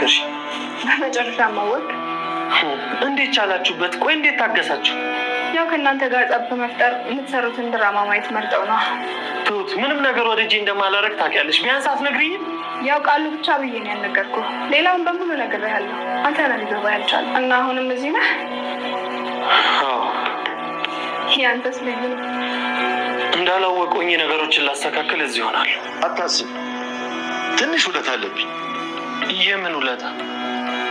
ነገርሽ? በመጨረሻ ማወቅ እንዴት ቻላችሁበት? ቆይ እንዴት ታገሳችሁ? ያው ከእናንተ ጋር ጸብ በመፍጠር የምትሰሩትን ድራማ ማየት መርጠው ነው። ትሁት፣ ምንም ነገር ወደ እጄ እንደማላረግ ታውቂያለሽ። ቢያንስ አትነግሪኝም? ያው ቃሉ ብቻ ብዬ ያልነገርኩ፣ ሌላውን በሙሉ ነግሬሃለሁ። አንተ ነህ ሊገባ ያልቻል እና አሁንም እዚህ ነህ። ያንተስ ልዩ ነው። እንዳላወቁኝ ነገሮችን ላስተካክል እዚህ ይሆናል። አታስብ፣ ትንሽ ውለት አለብኝ የምን ውለታ?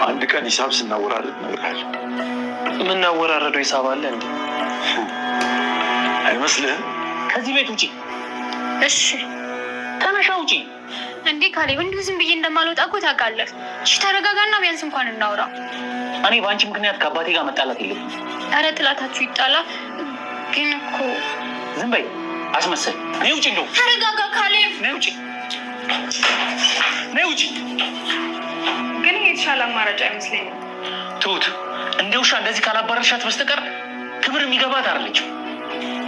አንድ ቀን ሂሳብ ስናወራረድ ነግራል። የምናወራረደው ሂሳብ አለ እንዴ? አይመስልህም? ከዚህ ቤት ውጪ። እሺ ተመሻ ውጪ። እንዴ ካሌብ፣ እንዲሁ ዝም ብዬ እንደማልወጣ እኮ ታውቃለህ። እሺ ተረጋጋና ቢያንስ እንኳን እናውራ። እኔ በአንቺ ምክንያት ከአባቴ ጋር መጣላት የለም። ኧረ ጥላታችሁ ይጣላ። ግን እኮ ዝም በይ አስመሰል። እኔ ውጪ እንደው ተረጋጋ ካሌብ፣ እኔ ውጪ ነይ ውጪ። ግን የተሻለ አማራጭ አይመስለኝም። ትሁት እንደ ውሻ እንደዚህ ካላባረርሻት በስተቀር ክብር የሚገባት አለችው።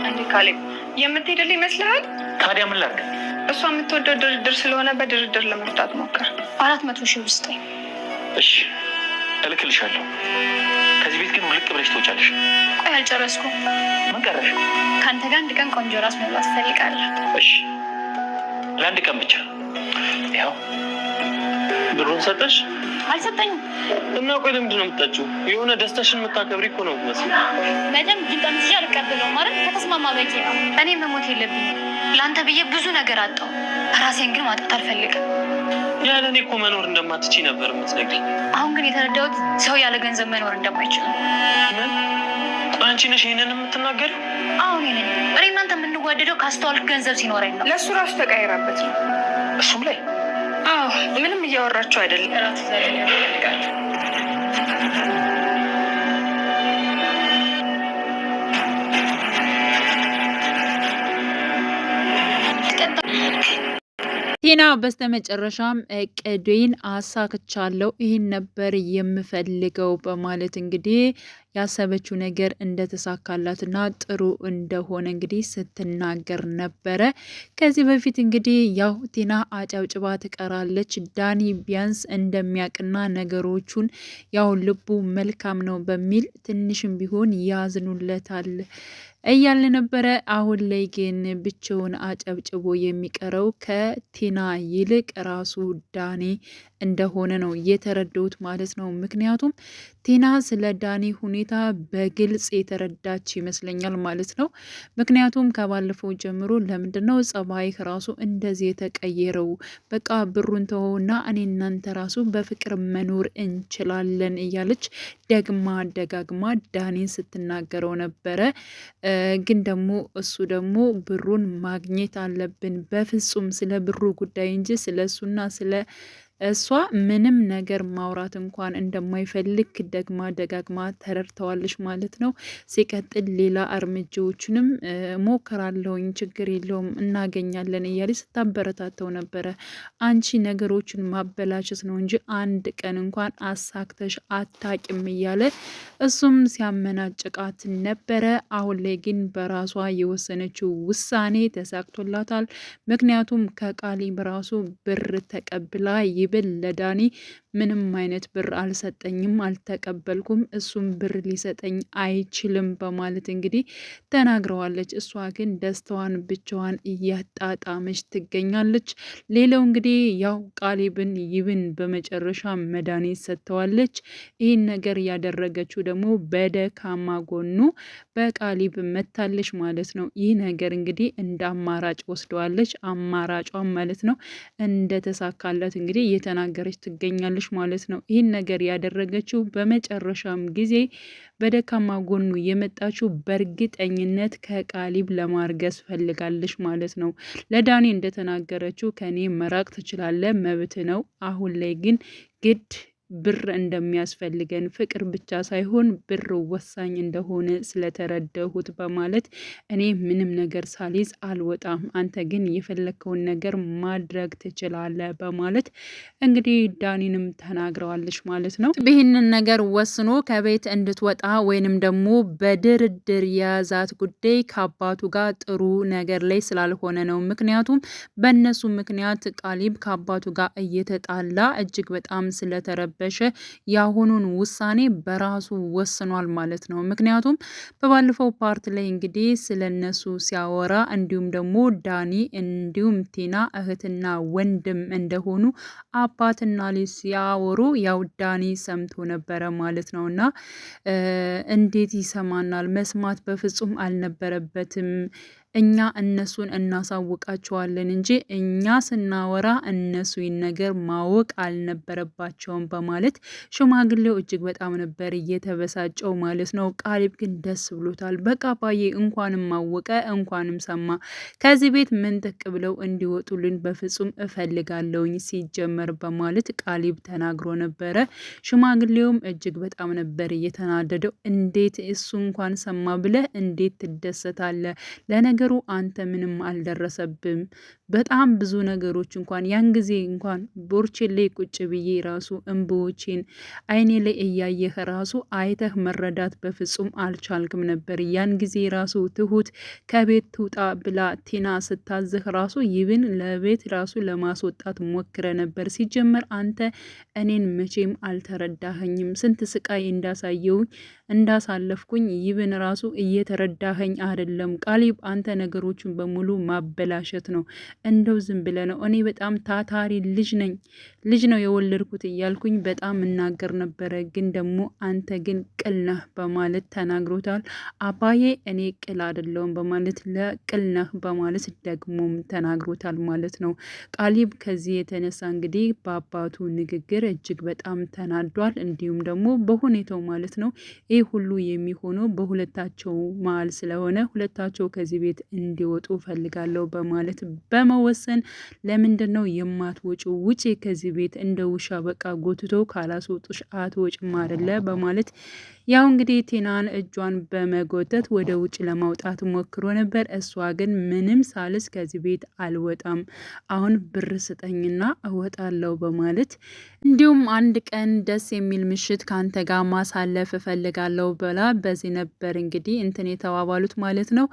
እንዴ ካሌብ የምትሄድልህ ይመስልሃል? ታዲያ ምን ላድርግ? እሷ የምትወደው ድርድር ስለሆነ በድርድር ለመፍታት ሞክር። አራት መቶ ሺህ ውስጥ እሺ፣ እልክልሻለሁ። ከዚህ ቤት ግን ውልቅ ብለሽ ትወጫለሽ። ቆይ አልጨረስኩም። ምን ቀረሽ? ከአንተ ጋር አንድ ቀን ቆንጆ ራስ መብላት ትፈልጋለህ? እሺ፣ ለአንድ ቀን ብቻ ይኸው ብሩን ሰጠሽ? አልሰጠኝም። እና ቆይ ለምንድን ነው የምታጭው? የሆነ ደስታሽን የምታከብሪ እኮ ነው መስል በደንብ ግን ቀምስ አልቀበለው ማለት ከተስማማ በቂ ነው። እኔ መሞት የለብኝም ለአንተ ብዬ ብዙ ነገር አጣው። ራሴን ግን ማጣት አልፈልግም። ያለ እኔ እኮ መኖር እንደማትች ነበር የምትነግሪኝ። አሁን ግን የተረዳሁት ሰው ያለ ገንዘብ መኖር እንደማይችል። አንቺ ነሽ ይህንን የምትናገር? አሁን ይህንን እኔ እናንተ የምንዋደደው ካስተዋልክ ገንዘብ ሲኖረኝ ነው። ለእሱ ራሱ ተቀይራበት ነው እሱም ላይ አዎ ምንም እያወራችሁ አይደለም። ቲና በስተመጨረሻም እቅዴን አሳክቻለሁ፣ ይህን ነበር የምፈልገው በማለት እንግዲህ ያሰበችው ነገር እንደተሳካላትና ጥሩ እንደሆነ እንግዲህ ስትናገር ነበረ። ከዚህ በፊት እንግዲህ ያው ቲና አጨብጭባ ትቀራለች። ዳኒ ቢያንስ እንደሚያቅና ነገሮቹን ያው ልቡ መልካም ነው በሚል ትንሽም ቢሆን ያዝኑለታል እያለ ነበረ። አሁን ላይ ግን ብቻውን አጨብጭቦ የሚቀረው ከቲና ይልቅ ራሱ ዳኒ እንደሆነ ነው የተረዳሁት ማለት ነው። ምክንያቱም ቲና ስለ ዳኒ ሁኔታ በግልጽ የተረዳች ይመስለኛል ማለት ነው። ምክንያቱም ከባለፈው ጀምሮ ለምንድን ነው ጸባይ ራሱ እንደዚህ የተቀየረው? በቃ ብሩን ተወውና እኔ እናንተ ራሱ በፍቅር መኖር እንችላለን እያለች ደግማ ደጋግማ ዳኒን ስትናገረው ነበረ። ግን ደግሞ እሱ ደግሞ ብሩን ማግኘት አለብን በፍጹም ስለ ብሩ ጉዳይ እንጂ ስለ እሱና ስለ እሷ ምንም ነገር ማውራት እንኳን እንደማይፈልግ ደግማ ደጋግማ ተረድተዋለች ማለት ነው። ሲቀጥል ሌላ እርምጃዎችንም ሞክራለሁኝ፣ ችግር የለውም እናገኛለን እያለች ስታበረታተው ነበረ። አንቺ ነገሮችን ማበላሸት ነው እንጂ አንድ ቀን እንኳን አሳክተሽ አታቂም እያለ እሱም ሲያመናጭቃት ነበረ። አሁን ላይ ግን በራሷ የወሰነችው ውሳኔ ተሳክቶላታል። ምክንያቱም ከቃሊ ራሱ ብር ተቀብላ ብል ለዳኒ ምንም አይነት ብር አልሰጠኝም፣ አልተቀበልኩም፣ እሱም ብር ሊሰጠኝ አይችልም በማለት እንግዲህ ተናግረዋለች። እሷ ግን ደስታዋን ብቻዋን እያጣጣመች ትገኛለች። ሌላው እንግዲህ ያው ቃሊብን ይብን በመጨረሻ መድኃኒት ሰጥተዋለች። ይህን ነገር ያደረገችው ደግሞ በደካማ ጎኑ በቃሊብ መታለች ማለት ነው። ይህ ነገር እንግዲህ እንደ አማራጭ ወስደዋለች። አማራጯን ማለት ነው እንደተሳካለት እንግዲህ እየተናገረች ትገኛለች ማለት ነው። ይህን ነገር ያደረገችው በመጨረሻም ጊዜ በደካማ ጎኑ የመጣችው በእርግጠኝነት ከቃሊብ ለማርገዝ ፈልጋለች ማለት ነው። ለዳኒ እንደተናገረችው ከኔ መራቅ ትችላለ መብት ነው። አሁን ላይ ግን ግድ ብር እንደሚያስፈልገን ፍቅር ብቻ ሳይሆን ብር ወሳኝ እንደሆነ ስለተረዳሁት በማለት እኔ ምንም ነገር ሳልይዝ አልወጣም፣ አንተ ግን የፈለግከውን ነገር ማድረግ ትችላለህ በማለት እንግዲህ ዳኒንም ተናግረዋለች ማለት ነው። ይህንን ነገር ወስኖ ከቤት እንድትወጣ ወይንም ደግሞ በድርድር የያዛት ጉዳይ ከአባቱ ጋር ጥሩ ነገር ላይ ስላልሆነ ነው። ምክንያቱም በእነሱ ምክንያት ቃሊብ ከአባቱ ጋር እየተጣላ እጅግ በጣም ስለተረበ በሻ የአሁኑን ውሳኔ በራሱ ወስኗል ማለት ነው። ምክንያቱም በባለፈው ፓርት ላይ እንግዲህ ስለነሱ ሲያወራ እንዲሁም ደግሞ ዳኒ እንዲሁም ቲና እህትና ወንድም እንደሆኑ አባትና ልጅ ሲያወሩ ያው ዳኒ ሰምቶ ነበረ ማለት ነው። እና እንዴት ይሰማናል? መስማት በፍጹም አልነበረበትም። እኛ እነሱን እናሳውቃቸዋለን እንጂ እኛ ስናወራ እነሱ ይህን ነገር ማወቅ አልነበረባቸውም በማለት ሽማግሌው እጅግ በጣም ነበር እየተበሳጨው ማለት ነው። ቃሊብ ግን ደስ ብሎታል። በቃ አባዬ እንኳንም አወቀ እንኳንም ሰማ፣ ከዚህ ቤት ምንጥቅ ብለው እንዲወጡልን በፍጹም እፈልጋለሁኝ ሲጀመር በማለት ቃሊብ ተናግሮ ነበረ። ሽማግሌውም እጅግ በጣም ነበር እየተናደደው። እንዴት እሱ እንኳን ሰማ ብለ እንዴት ትደሰታለ ለነገ ነገሩ አንተ ምንም አልደረሰብም በጣም ብዙ ነገሮች እንኳን ያን ጊዜ እንኳን ቦርቼ ላይ ቁጭ ብዬ ራሱ እንባዎቼን አይኔ ላይ እያየህ ራሱ አይተህ መረዳት በፍጹም አልቻልክም ነበር። ያን ጊዜ ራሱ ትሁት ከቤት ትውጣ ብላ ቲና ስታዝህ ራሱ ይብን ለቤት ራሱ ለማስወጣት ሞክረ ነበር። ሲጀመር አንተ እኔን መቼም አልተረዳኸኝም። ስንት ስቃይ እንዳሳየውኝ እንዳሳለፍኩኝ ይብን ራሱ እየተረዳኸኝ አይደለም። ቃሊብ አንተ ነገሮችን በሙሉ ማበላሸት ነው እንደው ዝም ብለ ነው። እኔ በጣም ታታሪ ልጅ ነኝ ልጅ ነው የወለድኩት እያልኩኝ በጣም እናገር ነበረ። ግን ደግሞ አንተ ግን ቅል ነህ በማለት ተናግሮታል። አባዬ እኔ ቅል አይደለሁም በማለት ለቅል ነህ በማለት ደግሞም ተናግሮታል ማለት ነው። ቃሊብ ከዚህ የተነሳ እንግዲህ በአባቱ ንግግር እጅግ በጣም ተናዷል። እንዲሁም ደግሞ በሁኔታው ማለት ነው። ይህ ሁሉ የሚሆነው በሁለታቸው መሀል ስለሆነ ሁለታቸው ከዚህ ቤት እንዲወጡ ፈልጋለሁ በማለት በመወሰን ለምንድን ነው የማትወጪ ውጪ ከዚህ ቤት እንደ ውሻ በቃ ጎትቶ ካላስወጡሽ አትወጭም አይደለ በማለት ያው እንግዲህ ቴናን እጇን በመጎተት ወደ ውጭ ለማውጣት ሞክሮ ነበር። እሷ ግን ምንም ሳልስ ከዚህ ቤት አልወጣም፣ አሁን ብር ስጠኝና እወጣለሁ በማለት እንዲሁም አንድ ቀን ደስ የሚል ምሽት ከአንተ ጋር ማሳለፍ እፈልጋለሁ ብላ በዚህ ነበር እንግዲህ እንትን የተባባሉት ማለት ነው።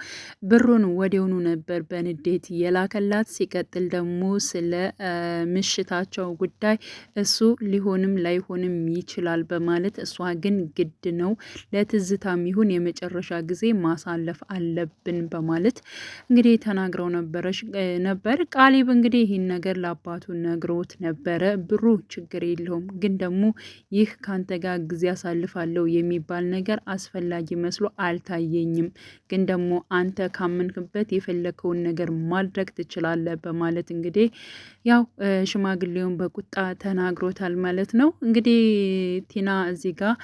ብሩን ወዲያውኑ ነበር በንዴት የላከላት። ሲቀጥል ደግሞ ስለ ምሽታቸው ጉዳይ እሱ ሊሆንም ላይሆንም ይችላል በማለት እሷ ግን ግድ ነው ለትዝታም ይሁን የመጨረሻ ጊዜ ማሳለፍ አለብን በማለት እንግዲህ ተናግረው ነበረች ነበር። ቃሊብ እንግዲህ ይህን ነገር ለአባቱ ነግሮት ነበረ። ብሩ ችግር የለውም ግን ደግሞ ይህ ካንተ ጋር ጊዜ አሳልፋለሁ የሚባል ነገር አስፈላጊ መስሎ አልታየኝም። ግን ደግሞ አንተ ካመንክበት የፈለከውን ነገር ማድረግ ትችላለህ በማለት እንግዲህ ያው ሽማግሌውን በቁጣ ተናግሮታል ማለት ነው። እንግዲህ ቲና እዚህ ጋር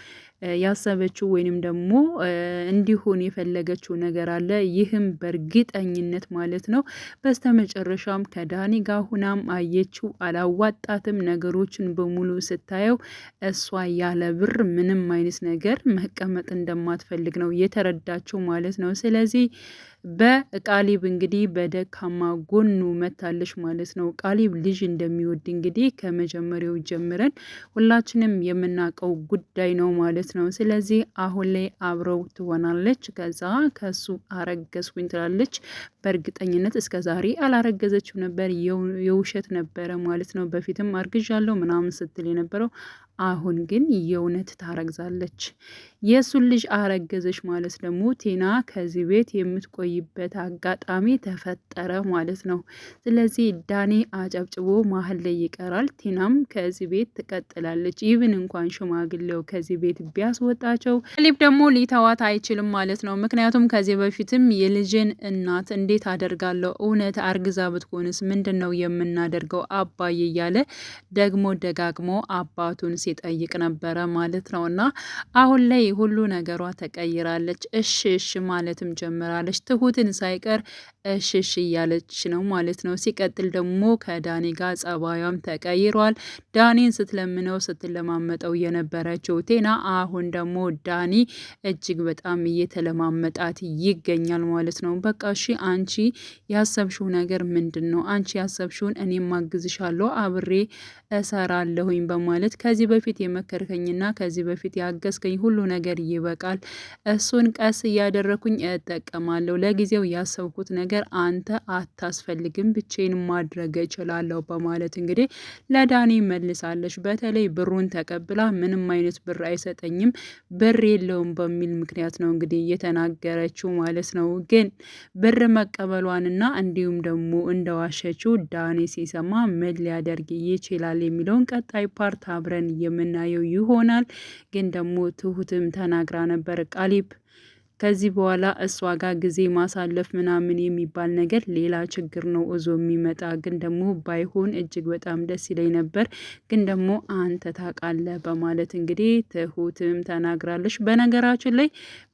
ያሰበችው ወይንም ደግሞ እንዲሆን የፈለገችው ነገር አለ። ይህም በእርግጠኝነት ማለት ነው። በስተመጨረሻም ከዳኒ ጋር ሁናም አየችው። አላዋጣትም። ነገሮችን በሙሉ ስታየው እሷ ያለ ብር ምንም አይነት ነገር መቀመጥ እንደማትፈልግ ነው የተረዳችው ማለት ነው። ስለዚህ በቃሊብ እንግዲህ በደካማ ጎኑ መታለች ማለት ነው። ቃሊብ ልጅ እንደሚወድ እንግዲህ ከመጀመሪያው ጀምረን ሁላችንም የምናውቀው ጉዳይ ነው ማለት ነው። ስለዚህ አሁን ላይ አብረው ትሆናለች። ከዛ ከሱ አረገዝኩኝ ትላለች። በእርግጠኝነት እስከ ዛሬ አላረገዘችው ነበር፣ የውሸት ነበረ ማለት ነው። በፊትም አርግዣለሁ ምናምን ስትል የነበረው አሁን ግን የእውነት ታረግዛለች። የእሱን ልጅ አረገዘች ማለት ደግሞ ቴና ከዚህ ቤት የምትቆይበት አጋጣሚ ተፈጠረ ማለት ነው። ስለዚህ ዳኔ አጨብጭቦ መሀል ላይ ይቀራል። ቴናም ከዚህ ቤት ትቀጥላለች። ኢቭን እንኳን ሽማግሌው ከዚህ ቤት ቢያስወጣቸው ካሌብ ደግሞ ሊተዋት አይችልም ማለት ነው። ምክንያቱም ከዚህ በፊትም የልጅን እናት እንዴት አደርጋለሁ እውነት አርግዛ ብትሆንስ ምንድን ነው የምናደርገው አባዬ እያለ ደግሞ ደጋግሞ አባቱን ሲጠይቅ ነበረ ማለት ነው እና አሁን ላይ ሁሉ ነገሯ ተቀይራለች። እሽ እሽ ማለትም ጀምራለች። ትሁትን ሳይቀር እሽ እሽ እያለች ነው ማለት ነው። ሲቀጥል ደግሞ ከዳኒ ጋር ጸባዩም ተቀይሯል። ዳኒን ስትለምነው ስትለማመጠው የነበረችው ቴና አሁን ደግሞ ዳኒ እጅግ በጣም እየተለማመጣት ይገኛል ማለት ነው። በቃ እሺ አንቺ ያሰብሽው ነገር ምንድን ነው? አንቺ ያሰብሽውን እኔም ማግዝሻለሁ አብሬ እሰራለሁኝ በማለት ከዚህ በፊት የመከርከኝና ከዚህ በፊት ያገዝከኝ ሁሉ ነገር ነገር ይበቃል። እሱን ቀስ እያደረኩኝ እጠቀማለሁ። ለጊዜው ያሰብኩት ነገር አንተ አታስፈልግም፣ ብቼን ማድረግ እችላለሁ በማለት እንግዲህ ለዳኒ መልሳለች። በተለይ ብሩን ተቀብላ ምንም አይነት ብር አይሰጠኝም ብር የለውም በሚል ምክንያት ነው እንግዲህ እየተናገረችው ማለት ነው። ግን ብር መቀበሏንና እንዲሁም ደግሞ እንደዋሸችው ዳኔ ሲሰማ ምን ሊያደርግ ይችላል የሚለውን ቀጣይ ፓርት አብረን የምናየው ይሆናል። ግን ደግሞ ትሁትም ተናግራ ነበር። ቃሊብ ከዚህ በኋላ እሷ ጋር ጊዜ ማሳለፍ ምናምን የሚባል ነገር ሌላ ችግር ነው እዞ የሚመጣ። ግን ደግሞ ባይሆን እጅግ በጣም ደስ ይለኝ ነበር፣ ግን ደግሞ አንተ ታውቃለህ በማለት እንግዲህ ትሁትም ተናግራለች። በነገራችን ላይ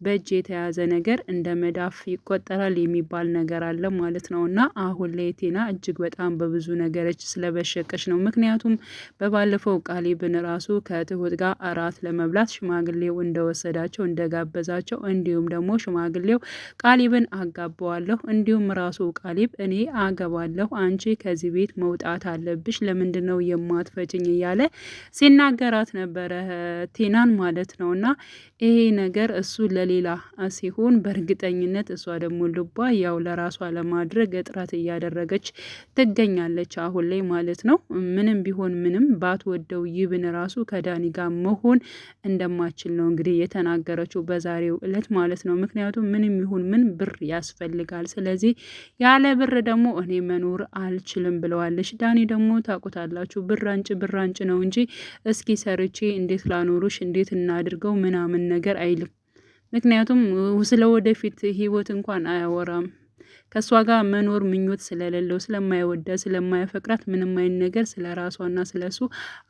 በእጅ የተያዘ ነገር እንደ መዳፍ ይቆጠራል የሚባል ነገር አለ ማለት ነው። እና አሁን ላይ ቴና እጅግ በጣም በብዙ ነገሮች ስለበሸቀች ነው። ምክንያቱም በባለፈው ቃሊብን ራሱ ከትሁት ጋር እራት ለመብላት ሽማግሌው እንደወሰዳቸው እንደጋበዛቸው እንዲሁም ደግሞ ደግሞ ሽማግሌው ቃሊብን አጋባዋለሁ፣ እንዲሁም ራሱ ቃሊብ እኔ አገባለሁ፣ አንቺ ከዚህ ቤት መውጣት አለብሽ፣ ለምንድን ነው የማትፈጭኝ እያለ ሲናገራት ነበረ ቴናን ማለት ነው። እና ይሄ ነገር እሱ ለሌላ ሲሆን በእርግጠኝነት እሷ ደግሞ ልቧ ያው ለራሷ ለማድረግ እጥረት እያደረገች ትገኛለች አሁን ላይ ማለት ነው። ምንም ቢሆን ምንም ባትወደው ይብን ራሱ ከዳኒ ጋር መሆን እንደማችል ነው እንግዲህ የተናገረችው በዛሬው እለት ማለት ማለት ነው። ምክንያቱም ምንም ይሁን ምን ብር ያስፈልጋል። ስለዚህ ያለ ብር ደግሞ እኔ መኖር አልችልም ብለዋለች። ዳኒ ደግሞ ታውቁታላችሁ ብር አንጭ ብር አንጭ ነው እንጂ እስኪ ሰርቼ እንዴት ላኖሩሽ እንዴት እናድርገው ምናምን ነገር አይልም። ምክንያቱም ስለ ወደፊት ህይወት እንኳን አያወራም። ከእሷ ጋር መኖር ምኞት ስለሌለው ስለማይወዳ ስለማያፈቅራት ምንም አይነት ነገር ስለ ራሷና ስለ እሱ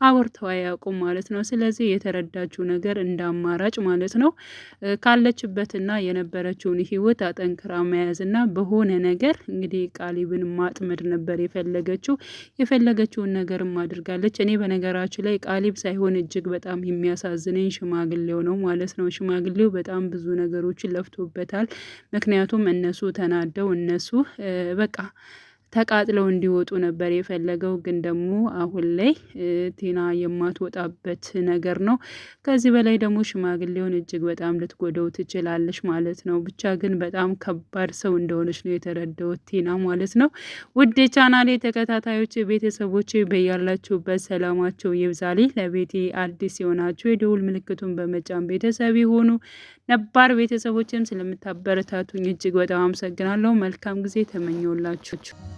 አወርተው አያውቁም ማለት ነው። ስለዚህ የተረዳችው ነገር እንደ አማራጭ ማለት ነው ካለችበትና የነበረችውን ህይወት አጠንክራ መያዝና በሆነ ነገር እንግዲህ ቃሊብን ማጥመድ ነበር የፈለገችው። የፈለገችውን ነገርም አድርጋለች። እኔ በነገራችሁ ላይ ቃሊብ ሳይሆን እጅግ በጣም የሚያሳዝነኝ ሽማግሌው ነው ማለት ነው። ሽማግሌው በጣም ብዙ ነገሮችን ለፍቶበታል። ምክንያቱም እነሱ ተናደው እነሱ በቃ ተቃጥለው እንዲወጡ ነበር የፈለገው። ግን ደግሞ አሁን ላይ ቲና የማትወጣበት ነገር ነው። ከዚህ በላይ ደግሞ ሽማግሌውን እጅግ በጣም ልትጎደው ትችላለች ማለት ነው። ብቻ ግን በጣም ከባድ ሰው እንደሆነች ነው የተረዳሁት ቲና ማለት ነው። ውድ የቻናሌ ተከታታዮች ቤተሰቦች በያላችሁበት ሰላማቸው ይብዛል። ለቤቴ አዲስ የሆናችሁ የደውል ምልክቱን በመጫን ቤተሰብ የሆኑ ነባር ቤተሰቦችም ስለምታበረታቱኝ እጅግ በጣም አመሰግናለሁ። መልካም ጊዜ ተመኘውላችሁ።